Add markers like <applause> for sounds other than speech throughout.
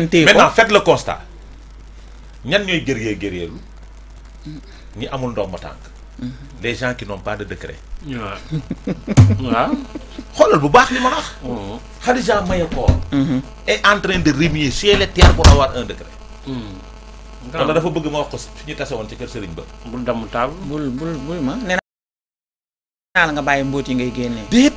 maintenant faites le constat ñan ñooy guerrier guerrieru Ni amul ndomba tank les gens qui n'ont pas de décret. waaw waaw. xoolal bu baax li ma wax. Oh. Khadija Mayakor. Mhm. est en train de remuer ciel et terre pour avoir un décret. wala hmm. dafa bëgg ma wax ko fi tassé won ci kër Serigne Ba. bu ndam taal bul bul bul ma nee naa nga baye mbot yi ngay génnee. déet.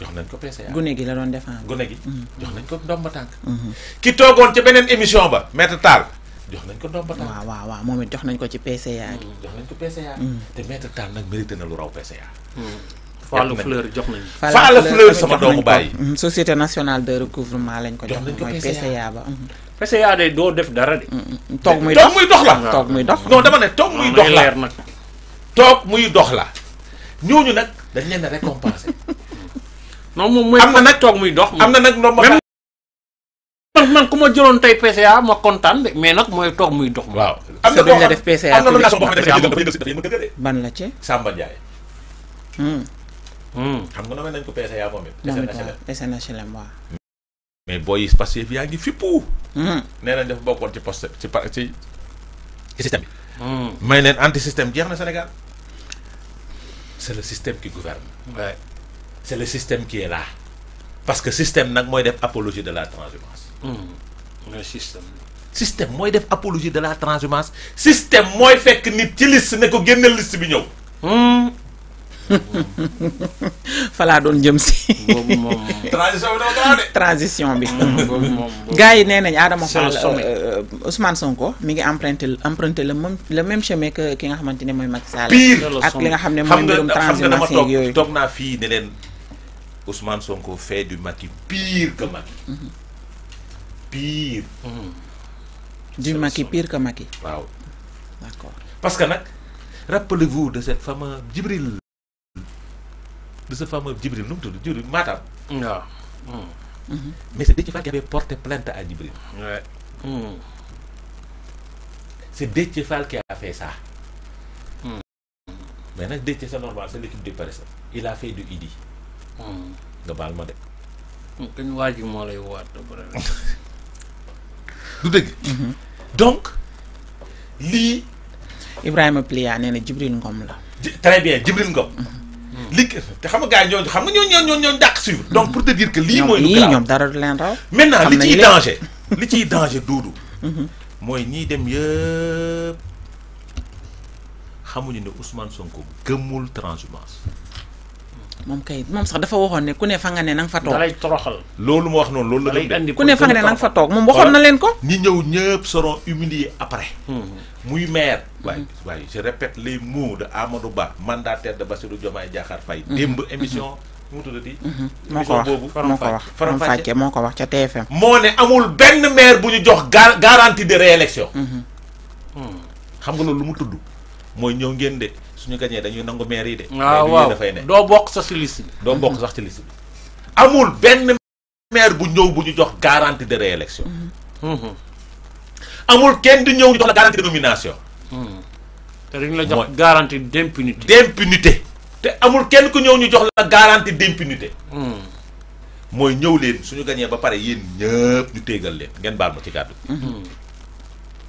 jox nañ ko PCA ah. gune gi la doon défendre gune gi mm-hmm. jox nañ ko ndomba mm-hmm. ki ci émission ba maître Tall jox nañ ko ndomba tànk waaw waaw waaw moom jox nañ ko ci ya. mm, ya. mm. na lu raw ya. mm. Fleur jox nañ Fleur sama doomu bàyyi mm-hmm. société nationale de recouvrement lañ ko jox mooy PCA ba de do def dara de toog muy dox muy dox la toog muy dox non dama ne muy dox la muy dox ñooñu nak dañ leen récompenser non mom moy amna nak tok muy dox amna nak ndomba man man kuma jëlon tay PCA ma contane de mais nak moy tok muy dox waaw amna dañ la def PCA amna la bo xamne dafa dëgg dafa ma dëgg ban la ci Samba hmm hmm xam nga nañ ko PCA mom mais boy passé hmm. bi hmm. yaangi anti système Sénégal c'est le système qui gouverne ouais c'est le système qui est là parce que système nag mooy def apologie de la transhumance. Hmm. Le système. système mooy def apologie de la transhumance système mooy fekk nit ci liste ne ko génne liste bi ñëw. Hmm. <laughs> jëm si. <laughs> transition bi transition bi. Hmm, gars yi nee nañ Adama Fall euh, euh, Ousmane Sonko mi ngi emprunté emprunté le même le même chemin que ki nga xamante ne mooy Macky Sall. ak li nga xam ne mooy mbirum transhumance yooyu. toog naa fii ne leen. Ousmane Sonko fait du maquis pire que maquis, mhm. Pire. Mhm. Du maquis pire que maquis. Waouh, D'accord. Parce que, rappelez-vous de cette fameuse Djibril. De ce fameux Djibril, nous Djibril, madame. Hmm. Mhm. Mais c'est Détifa qui avait porté plainte à Djibril. Ouais. Hmm. C'est Djibril qui a fait ça. Maintenant, hmm. Maintenant, c'est normal, c'est l'équipe de Paris. Il a fait du IDI. Hmm. nga baal ma de. Hmm, lay waat <laughs> du dëgg. Mhm. donc lii. Ibrahima Plia nee na Jibril Ngom la. très bien Jibril Ngom. Mhm. Hmm. li te xam nga gars yi ñooñu xam nga ñooñu ñooñu ñooñu dàq suivre. donc pour te dire que lii mooy. lu grave ñoom dara du leen raw. maintenant <laughs> li ciy danger li ciy danger duudu. Mhm. mooy ñiy dem yëpp xamuñu ne Ousmane Sonko gëmul transhumance. moom kay moom sax dafa waxoon ne ku ne fa nga ne na nga fa toog. loolu ma wax noonu loolu la. da lay andi ku ne fa nga ne na nga fa toog moom waxoon na leen ko. ñi ñëw ñëpp seront humiliés après. Hmm. muy maire. waaye hmm. waaye je répète les mots de Amadou Ba. mandataire de Bassirou Diomaye Diakhar Faye. Hmm. démb émission. mu tuddati. moo ko wax moo ko wax Faram Facce moo ko wax ca TFM. moo ne amul benn maire bu ñu jox garantie de réélection. xam nga loolu lu mu tudd. mooy ñëw ngeen de suñu gañee dañuy nangu maire yi de. waaw ah, waaw dafay ne doo bokk sax ci liste bi. doo bokk sax ci liste bi amul benn maire bu ñëw bu ñu jox garantie de réélection. Mm-hmm. Mm-hmm. amul kenn di ñëw ñu jox la garantie de mm-hmm. te dañu la jox garantie d'impunité. d'impunité te amul kenn ku ñëw ñu jox la garantie d'impunité. mooy ñëw leen suñu gañee ba pare yéen ñëpp ñu téegal leen ngeen baal ma ci kàddu.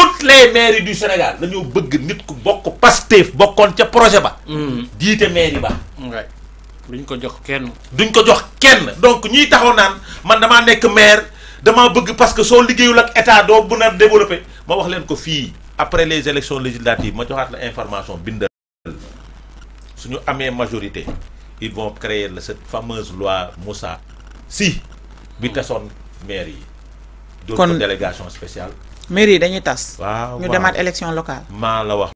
toutes les mairies du Sénégal dañu bëgg nit ku bokk pastef bokkon ci projet ba. diité hmm. mairie ba. ngay duñ ko jox kenn. duñ ko jox kenn donc ñi taxaw naan man dama nekk maire dama bëgg parce que so liggéeyul ak état do bu na développer ma wax leen ko fii après les élections législatives ma joxaat la information bindal. suñu amee majorité ils vont créer la cette fameuse loi Moussa si bi tasoon maire yi. kon délégation spéciale. mairie yi dañuy tas. waaw ñu demaat élection locale. maa la wax.